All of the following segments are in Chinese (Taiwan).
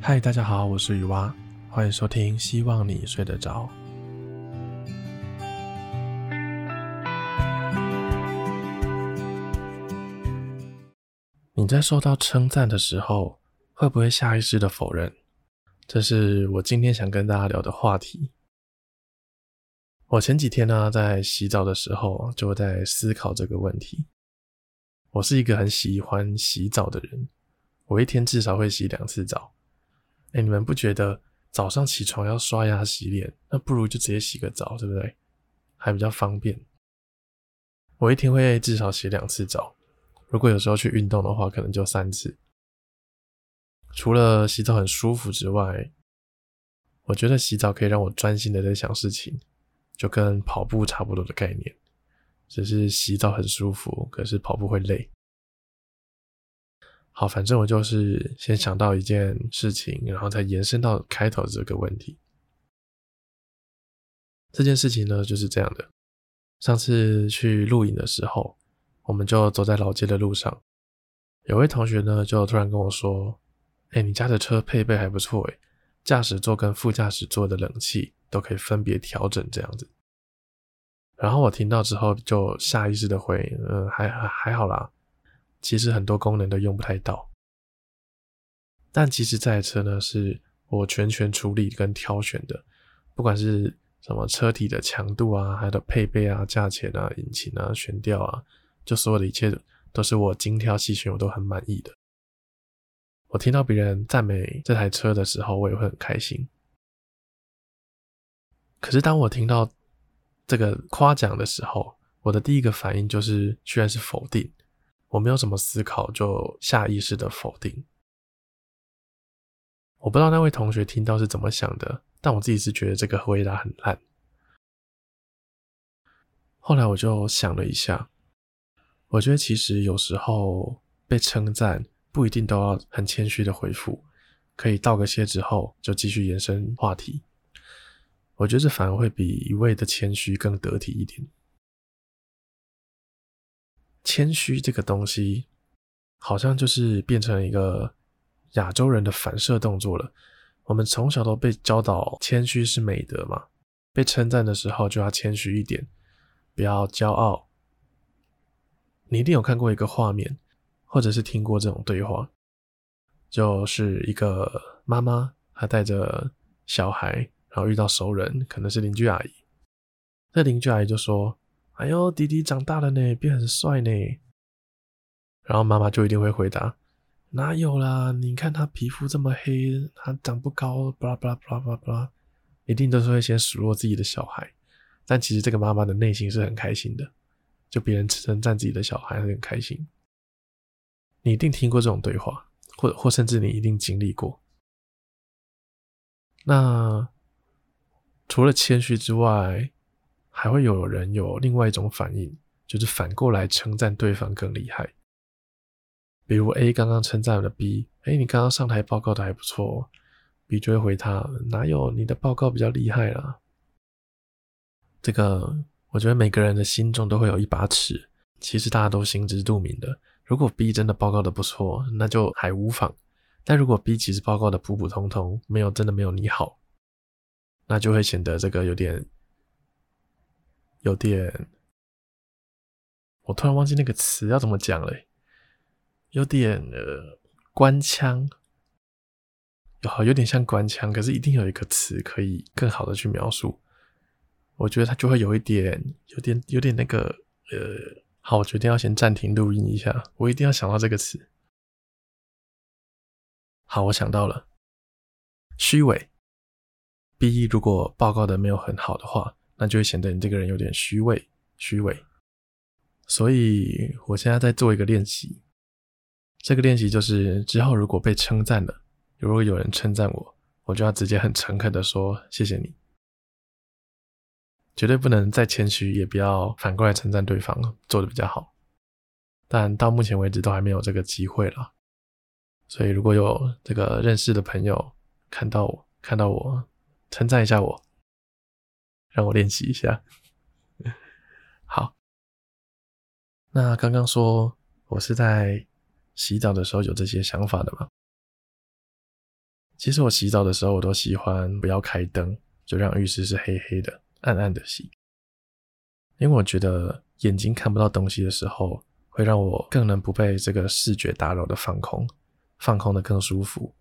嗨，大家好，我是雨蛙，歡迎收聽「希望你睡得着」。你在受到稱讚的時候，會不會下意識的否認？這是我今天想跟大家聊的話題。我前幾天呢，啊，在洗澡的時候，就在思考這個問題。我是一個很喜歡洗澡的人，我一天至少會洗兩次澡。欸，你們不覺得早上起床要刷牙洗臉，那不如就直接洗個澡，對不對？還比較方便。我一天會至少洗兩次澡，如果有時候去運動的話，可能就三次。除了洗澡很舒服之外，我覺得洗澡可以讓我專心的在想事情，就跟跑步差不多的概念。只是洗澡很舒服，可是跑步會累。好，反正我就是先想到一件事情，然後再延伸到開頭這個問題。這件事情呢，就是這樣的：上次去錄影的時候，我們就走在老街的路上，有位同學呢就突然跟我說：“哎，你家的車配備還不錯誒，駕駛座跟副駕駛座的冷氣都可以分別調整這樣子。”然後我聽到之後，就下意識的回，嗯，還還好啦。”其實很多功能都用不太到，但其實這台車呢是我全權處理跟挑選的，不管是什麼車體的強度啊，還有配備啊、價錢啊、引擎啊、懸吊啊，就所有的一切都是我精挑細選，我都很滿意的。我聽到別人讚美這台車的時候，我也會很開心。可是當我聽到這個誇獎的時候，我的第一個反應就是居然是否定。我沒有什麼思考，就下意識的否定。我不知道那位同學聽到是怎麼想的，但我自己是覺得這個回答很爛。後來我就想了一下，我覺得其實有時候被稱讚不一定都要很謙虛的回復，可以道個謝之後就繼續延伸話題。我覺得這反而會比一味的謙虛更得體一點。謙虛這個東西，好像就是變成一個亞洲人的反射動作了。我們從小都被教導謙虛是美德嘛，被稱讚的時候就要謙虛一點，不要驕傲。你一定有看過一個畫面，或者是聽過這種對話，就是一個媽媽她帶着小孩，然後遇到熟人，可能是鄰居阿姨，那鄰居阿姨就說。哎呦，弟弟長大了呢，變很帥呢。然後媽媽就一定會回答：“哪有啦？你看他皮膚這麼黑，他長不高，巴拉巴拉巴拉巴拉，一定都是會先數落自己的小孩。”但其實這個媽媽的內心是很開心的，就別人稱讚自己的小孩，很開心。你一定聽過這種對話，或或甚至你一定經歷過。那除了謙虛之外，還會有人有另外一種反應，就是反過來稱讚對方更厲害。比如 A 剛剛稱讚了 B，誒，哎，你剛剛上台報告的還不錯哦。B 就會回他，哪有，你的報告比較厲害啦。這個我覺得每個人的心中都會有一把尺，其實大家都心知肚明的。如果 B 真的報告的不錯，那就還無妨。但如果 B 其實報告的普普通通，沒有真的沒有你好，那就會顯得這個有點。有點，我突然忘記那個詞要怎麼講嘞，有點呃官腔，然、哦、有點像官腔，可是一定有一個詞可以更好的去描述。我覺得它就會有一點，有點，有點那個，呃，好，我決定要先暫停錄音一下，我一定要想到這個詞。好，我想到了，虛偽。B 1 -E, 如果報告得沒有很好的話。那就會顯得你這個人有點虛偽，虛偽。所以我現在在做一個練習，這個練習就是之後如果被稱讚了，如果有人稱讚我，我就要直接很誠懇的說謝謝你，絕對不能再謙虛，也不要反過來稱讚對方做的比較好。但到目前為止都還沒有這個機會了，所以如果有這個認識的朋友看到我，看到我，稱讚一下我。讓我練習一下。 好，那剛剛說我是在洗澡的時候有這些想法的嗎。其實我洗澡的時候，我都喜歡不要開燈，就讓浴室是黑黑的、暗暗的洗，因為我覺得眼睛看不到東西的時候，會讓我更能不被這個視覺打擾的放空，放空的更舒服，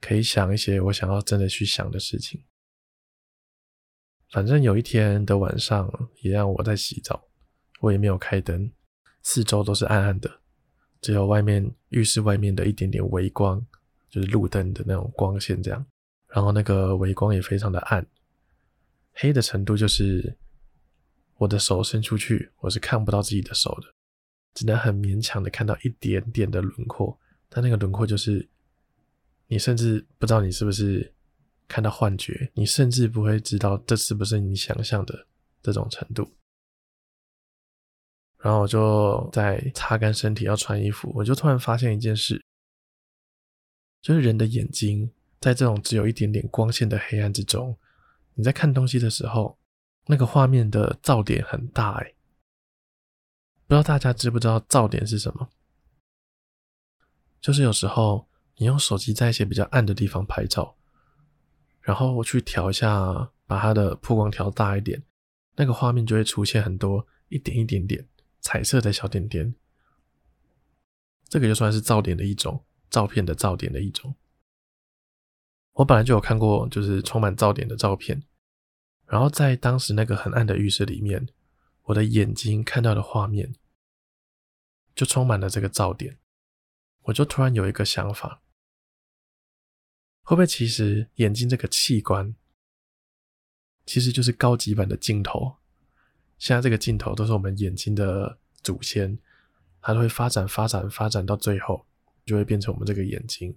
可以想一些我想要真的去想的事情。反正有一天的晚上，也讓我在洗澡，我也沒有開燈，四周都是暗暗的，只有外面浴室外面的一點點微光，就是路燈的那種光線這樣。然後那個微光也非常的暗，黑的程度就是我的手伸出去，我是看不到自己的手的，只能很勉強的看到一點點的輪廓。但那個輪廓就是，你甚至不知道你是不是。看到幻覺，你甚至不會知道這是不是你想象的這種程度。然後我就在擦乾身體要穿衣服，我就突然發現一件事，就是人的眼睛在這種只有一點點光線的黑暗之中，你在看東西的時候，那個畫面的噪點很大。哎，不知道大家知不知道噪點是什麼？就是有時候你用手機在一些比較暗的地方拍照。然後我去調一下，把它的曝光調大一點，那個畫面就會出現很多一點一點點彩色的小點點，這個就算是噪點的一種，照片的噪點的一種。我本來就有看過，就是充滿噪點的照片。然後在當時那個很暗的浴室裡面，我的眼睛看到的畫面就充滿了這個噪點，我就突然有一個想法。會不會其實眼睛這個器官，其實就是高級版的鏡頭。現在這個鏡頭都是我們眼睛的祖先，它都會發展、發展、發展到最後，就會變成我們這個眼睛。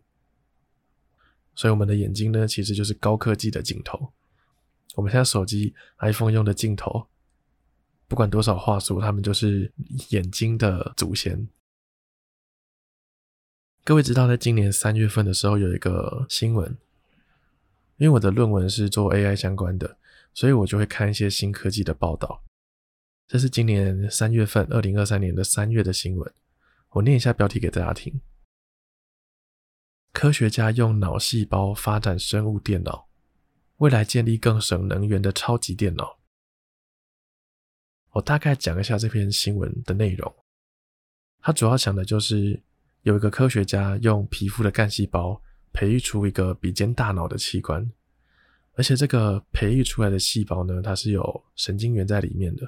所以，我們的眼睛呢，其實就是高科技的鏡頭。我們現在手機 iPhone 用的鏡頭，不管多少畫素，它們就是眼睛的祖先。各位知道，在今年三月份的時候，有一個新聞。因為我的論文是做 AI 相關的，所以我就會看一些新科技的報道。這是今年三月份，二零二三年的三月的新聞。我念一下標題給大家聽：科學家用腦細胞發展生物電腦，未來建立更省能源的超級電腦。我大概講一下這篇新聞的內容。它主要講的就是。有一個科學家用皮膚的幹細胞培育出一個比肩大腦的器官，而且這個培育出來的細胞呢，它是有神經元在裡面的。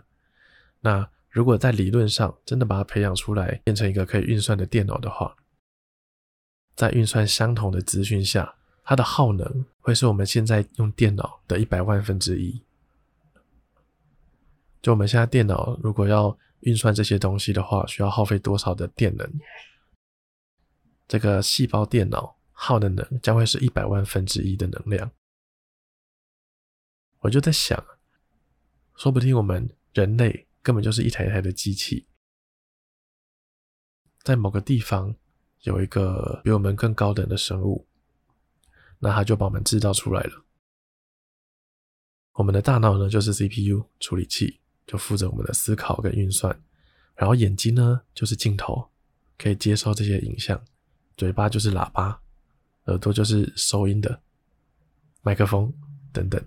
那如果在理論上真的把它培養出來，變成一個可以運算的電腦的話，在運算相同的資訊下，它的耗能會是我們現在用電腦的一百萬分之一。就我們現在電腦如果要運算這些東西的話，需要耗費多少的電能？這個細胞電腦耗的能，能將會是一百萬分之一的能量。我就在想，說不定我們人類根本就是一台一台的機器，在某個地方有一個比我們更高等的生物，那它就把我們制造出來了。我們的大腦呢，就是 CPU 處理器，就負責我們的思考跟運算，然後眼睛呢，就是鏡頭，可以接收這些影像。嘴巴就是喇叭，耳朵就是收音的麥克風等等。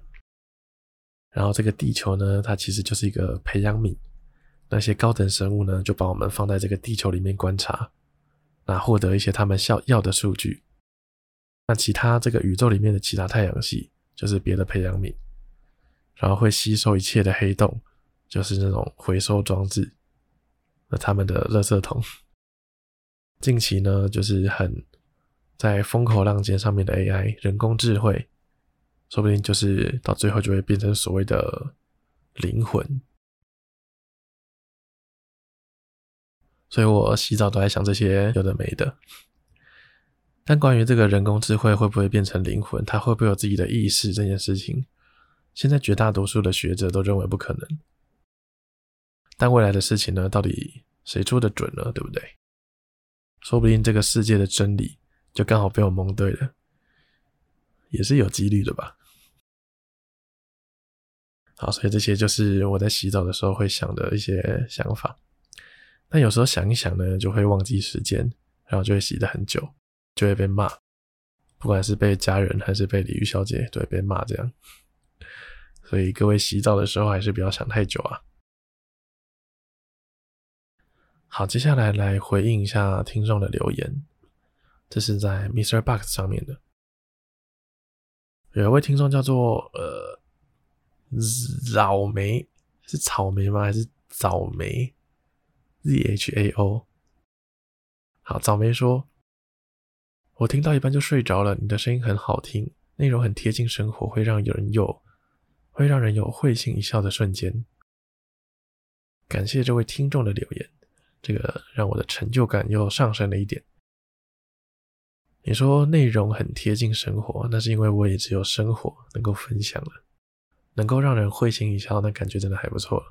然後這個地球呢，它其實就是一個培養皿，那些高等生物呢就把我們放在這個地球裡面觀察，那獲得一些他們想要的數據。那其他這個宇宙裡面的其他太陽系就是別的培養皿，然後會吸收一切的黑洞，就是那種回收裝置，那他們的垃圾桶。近期呢，就是很在風口浪尖上面的 AI 人工智慧，說不定就是到最後就會變成所謂的靈魂。所以我洗澡都在想這些有的沒的。但關於這個人工智慧會不會變成靈魂，它會不會有自己的意識這件事情，現在絕大多數的學者都認為不可能。但未來的事情呢，到底誰做的準呢？對不對？說不定這個世界的真理就剛好被我蒙對了，也是有幾率的吧。好，所以這些就是我在洗澡的時候會想的一些想法。但有時候想一想呢，就會忘記時間，然後就會洗得很久，就會被罵。不管是被家人還是被李玉小姐，都會被罵這樣。所以各位洗澡的時候還是不要想太久啊。好，接下來來回應一下聽眾的留言。這是在 Mister Box 上面的，有一位聽眾叫做呃棗梅，是草莓嗎？還是棗梅？Z H A O。好，棗梅說：“我聽到一半就睡着了，你的聲音很好聽，內容很貼近生活，會讓有人有會讓人有會心一笑的瞬間。”感謝這位聽眾的留言。這個讓我的成就感又上升了一點。你說內容很貼近生活，那是因為我也只有生活能夠分享了，能夠讓人會心一笑，那感覺真的還不錯。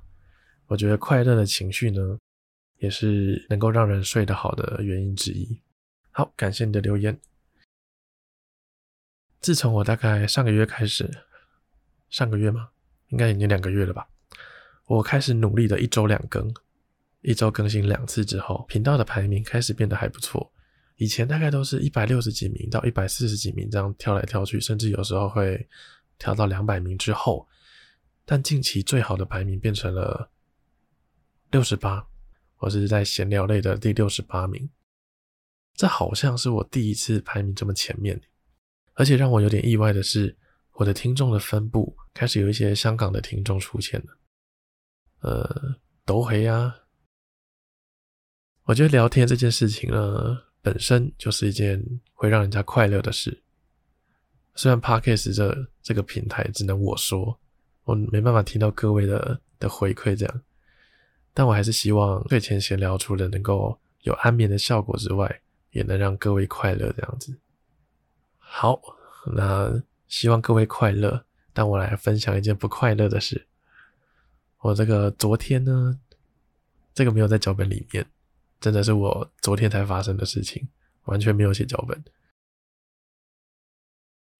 我覺得快樂的情緒呢，也是能夠讓人睡得好的原因之一。好，感謝你的留言。自從我大概上個月開始，上個月嗎？應該已經兩個月了吧？我開始努力的一周兩更。一周更新兩次之後，頻道的排名開始變得還不錯。以前大概都是一百六十幾名到一百四十幾名這樣跳來跳去，甚至有時候會跳到兩百名之後。但近期最好的排名變成了六十八，我是在閒聊類的第六十八名。這好像是我第一次排名這麼前面，而且讓我有點意外的是，我的聽眾的分布開始有一些香港的聽眾出現了，呃，都黑啊。我覺得聊天這件事情呢，本身就是一件會讓人家快樂的事。雖然 Podcast 這這個平台只能我說，我沒辦法聽到各位的的回饋這樣，但我還是希望睡前閒聊除了能夠有安眠的效果之外，也能讓各位快樂這樣子。好，那希望各位快樂。但我來分享一件不快樂的事。我這個昨天呢，這個沒有在腳本裡面。真的是我昨天才發生的事情，完全沒有寫腳本。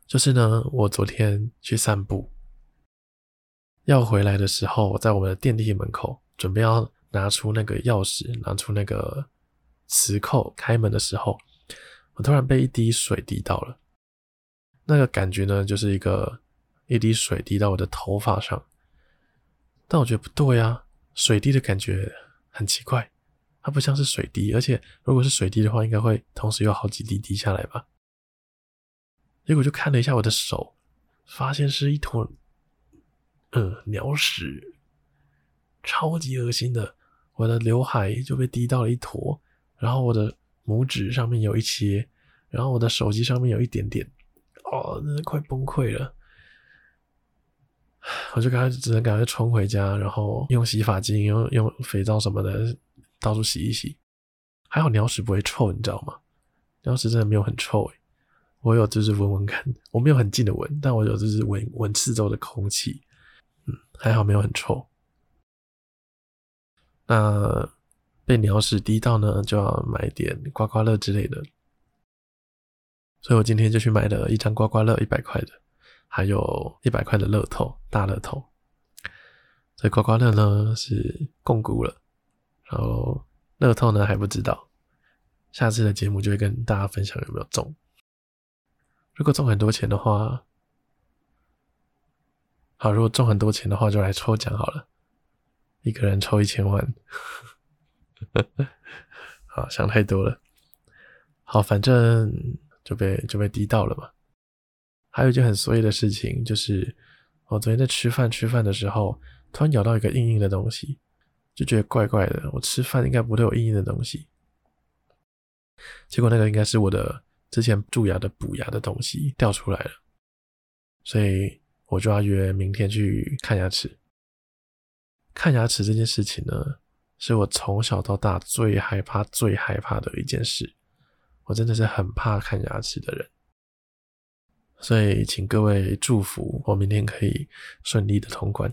就是呢，我昨天去散步，要回來的時候，我在我們的電梯門口，準備要拿出那個鑰匙，拿出那個磁扣開門的時候，我突然被一滴水滴到了。那個感覺呢，就是一個一滴水滴到我的頭髮上。但我覺得不對啊，水滴的感覺很奇怪。它不像是水滴，而且如果是水滴的話，應該會同時有好幾滴滴下來吧？結果就看了一下我的手，發現是一坨，嗯，鳥屎，超級惡心的。我的劉海就被滴到了一坨，然後我的拇指上面有一些，然後我的手機上面有一點點，哦，那快崩潰了。我就趕快只能趕快衝回家，然後用洗髮精，用用肥皂什麼的。到處洗一洗，還好鳥屎不會臭，你知道嗎？鳥屎真的沒有很臭誒，我有就是聞聞看，我沒有很近的聞，但我有就是聞聞四周的空氣，嗯，還好沒有很臭。那被鳥屎滴到呢，就要買點刮刮樂之類的，所以我今天就去買了一張刮刮樂，一百塊的，還有一百塊的樂透，大樂透，所以刮刮樂呢是槓龜了。然後樂透呢還不知道，下次的節目就會跟大家分享有沒有中。如果中很多錢的話，好，如果中很多錢的話，就來抽獎好了，一個人抽一千萬。 好，想太多了。好，反正就被就被滴到了嘛。還有一件很瑣碎的事情，就是我昨天在吃飯吃飯的時候，突然咬到一個硬硬的東西。就覺得怪怪的，我吃飯應該不會有硬硬的東西。結果那個應該是我的之前蛀牙的補牙的東西掉出來了，所以我就要約明天去看牙齒。看牙齒這件事情呢，是我從小到大最害怕、最害怕的一件事。我真的是很怕看牙齒的人，所以請各位祝福我明天可以順利的通關。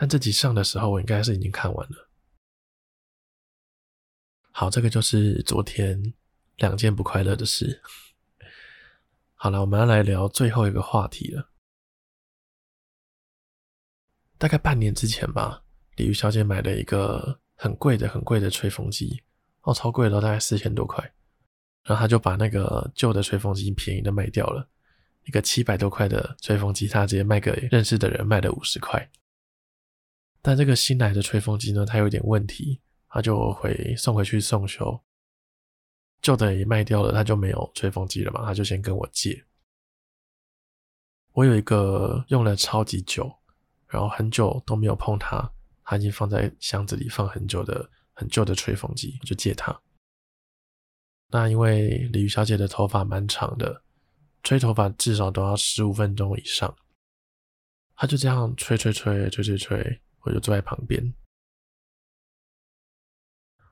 但這集上的時候，我應該是已經看完了。好，這個就是昨天兩件不快樂的事。好了，我們要來聊最後一個話題了。大概半年之前吧，李玉小姐買了一個很貴的、很貴的吹風機哦，超貴的，大概四千多塊。然後她就把那個舊的吹風機便宜的賣掉了，一個七百多塊的吹風機，她直接賣給認識的人，賣了五十塊。但這個新來的吹風機呢，它有點問題，它就會送回去送修，舊的也賣掉了，它就沒有吹風機了嘛，它就先跟我借。我有一個用了超級久，然後很久都沒有碰它，它已經放在箱子裡放很久的很舊的吹風機，我就借它。那因為鯉魚小姐的頭髮蠻長的，吹頭髮至少都要十五分鐘以上，它就這樣吹吹吹吹，吹吹吹。我就坐在旁邊，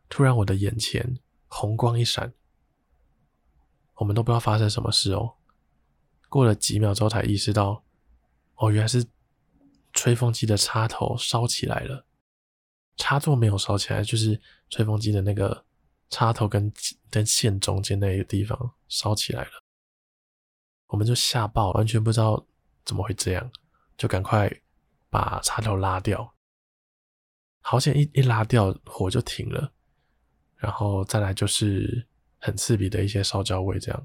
突然我的眼前紅光一閃，我們都不知道發生什麼事哦、喔。過了幾秒鐘才意識到，哦，原來是吹風機的插頭燒起來了。插座沒有燒起來，就是吹風機的那個插頭跟跟線中間那個地方燒起來了。我們就嚇爆，完全不知道怎麼會這樣，就趕快把插頭拉掉。好險一一拉掉，火就停了。然後再來就是很刺鼻的一些燒焦味，這樣。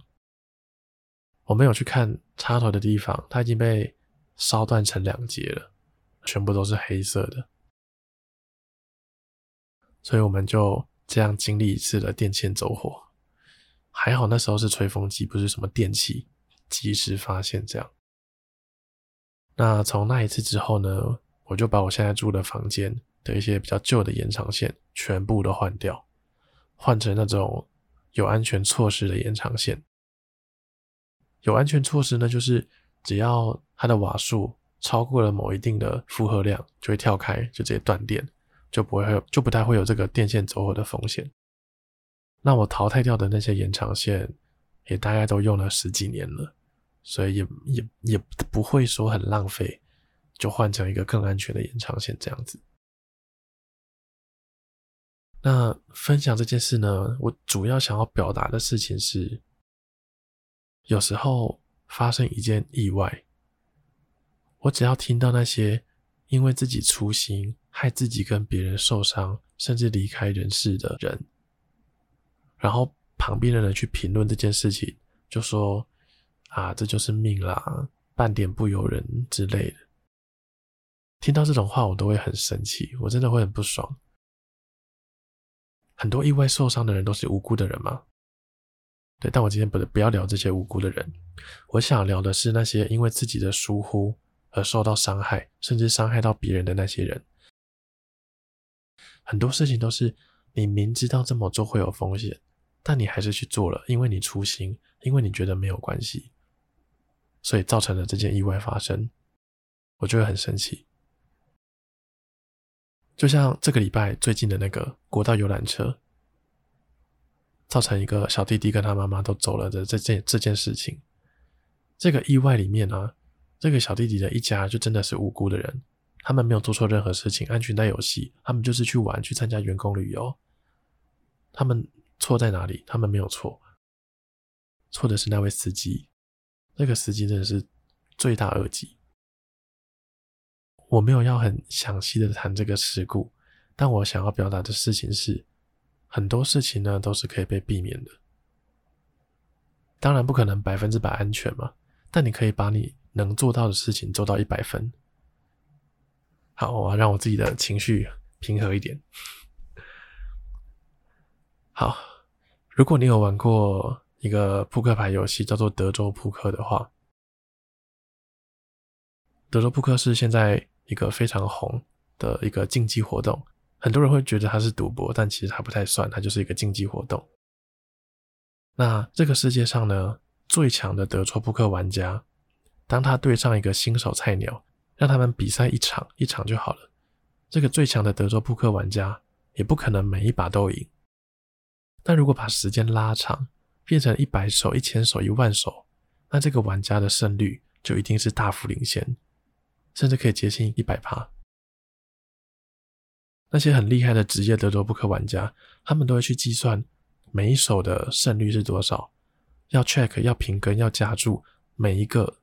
我沒有去看插頭的地方，它已經被燒斷成兩截了，全部都是黑色的。所以我們就這樣經歷一次的電線走火，還好那時候是吹風機，不是什麼電器，及時發現這樣。那從那一次之後呢，我就把我現在住的房間的一些比較舊的延長線全部都換掉，換成那種有安全措施的延長線。有安全措施呢，就是只要它的瓦數超過了某一定的負荷量，就會跳開，就直接斷電，就不會就不太會有這個電線走火的風險。那我淘汰掉的那些延長線也大概都用了十幾年了，所以也也也不會說很浪費，就換成一個更安全的延長線這樣子。那分享這件事呢，我主要想要表達的事情是，有時候發生一件意外，我只要聽到那些因為自己粗心害自己跟別人受傷，甚至離開人世的人，然後旁邊的人去評論這件事情，就說“啊，這就是命啦，半點不由人”之類的，聽到這種話，我都會很生氣，我真的會很不爽。很多意外受傷的人都是無辜的人嗎？對，但我今天不是不要聊這些無辜的人，我想聊的是那些因為自己的疏忽而受到傷害，甚至傷害到別人的那些人。很多事情都是你明知道這麼做會有風險，但你還是去做了，因為你粗心，因為你覺得沒有關係，所以造成了這件意外發生。我就會很生氣。就像這個禮拜最近的那個國道遊覽車，造成一個小弟弟跟他媽媽都走了的這件這件事情，這個意外裡面呢、啊，這個小弟弟的一家就真的是無辜的人，他們沒有做錯任何事情，安全帶有繫，他們就是去玩去參加員工旅遊，他們錯在哪裡？他們沒有錯，錯的是那位司機，那個司機真的是罪大惡極。我沒有要很詳細的談這個事故，但我想要表達的事情是，很多事情呢都是可以被避免的。當然不可能百分之百安全嘛，但你可以把你能做到的事情做到一百分。好，我要讓我自己的情緒平和一點。好，如果你有玩過一個撲克牌遊戲叫做德州撲克的話。德州撲克是現在一個非常紅的一個競技活動，很多人會覺得它是賭博，但其實還不太算，它就是一個競技活動。那這個世界上呢，最強的德州撲克玩家，當他對上一個新手菜鳥，讓他們比賽一場一場就好了。這個最強的德州撲克玩家也不可能每一把都贏，但如果把時間拉長，變成一百手、一千手、一萬手，那這個玩家的勝率就一定是大幅領先。甚至可以接近一百趴。那些很厲害的職業德州撲克玩家，他們都會去計算每一手的勝率是多少，要 check，要平跟，要加注，每一個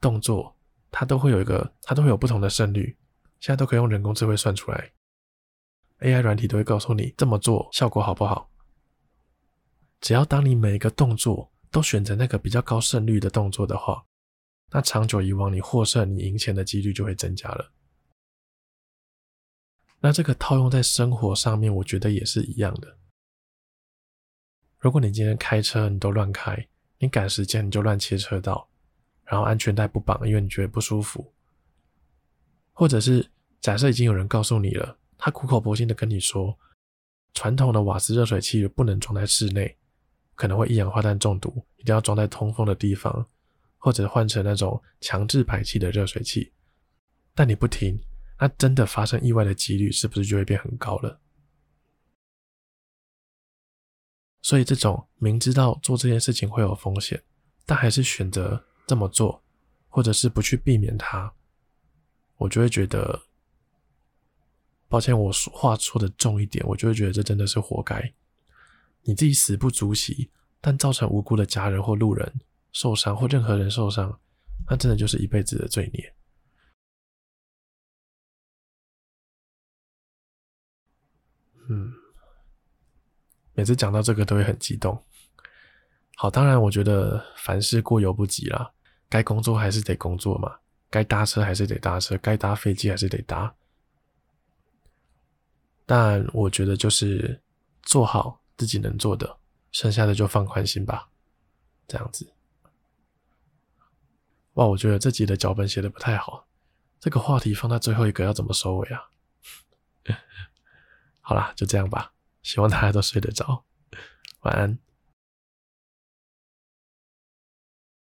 動作，它都會有一個，它都會有不同的勝率。現在都可以用人工智慧算出來，AI 軟體都會告訴你這麼做效果好不好。只要當你每一個動作都選擇那個比較高勝率的動作的話，那長久以往，你獲勝，你贏錢的幾率就會增加了。那這個套用在生活上面，我覺得也是一樣的。如果你今天開車，你都亂開，你趕時間，你就亂切車道，然後安全帶不綁，因為你覺得不舒服。或者是假設已經有人告訴你了，他苦口婆心的跟你說，傳統的瓦斯熱水器不能裝在室內，可能會一氧化碳中毒，一定要裝在通風的地方。或者換成那種強制排氣的熱水器，但你不停，那真的發生意外的幾率是不是就會變很高了？所以這種明知道做這件事情會有風險，但還是選擇這麼做，或者是不去避免它，我就會覺得，抱歉，我話說的重一點，我就會覺得這真的是活該，你自己死不足惜，但造成無辜的家人或路人。受傷或任何人受傷，那真的就是一輩子的罪孽。嗯，每次講到這個都會很激動。好，當然我覺得凡事過猶不及啦，該工作還是得工作嘛，該搭車還是得搭車，該搭飛機還是得搭。但我覺得就是做好自己能做的，剩下的就放寬心吧，這樣子。哇，我覺得這集的腳本寫的不太好。這個話題放到最後一個要怎麼收尾啊？ 好啦，就這樣吧。希望大家都睡得着，晚安。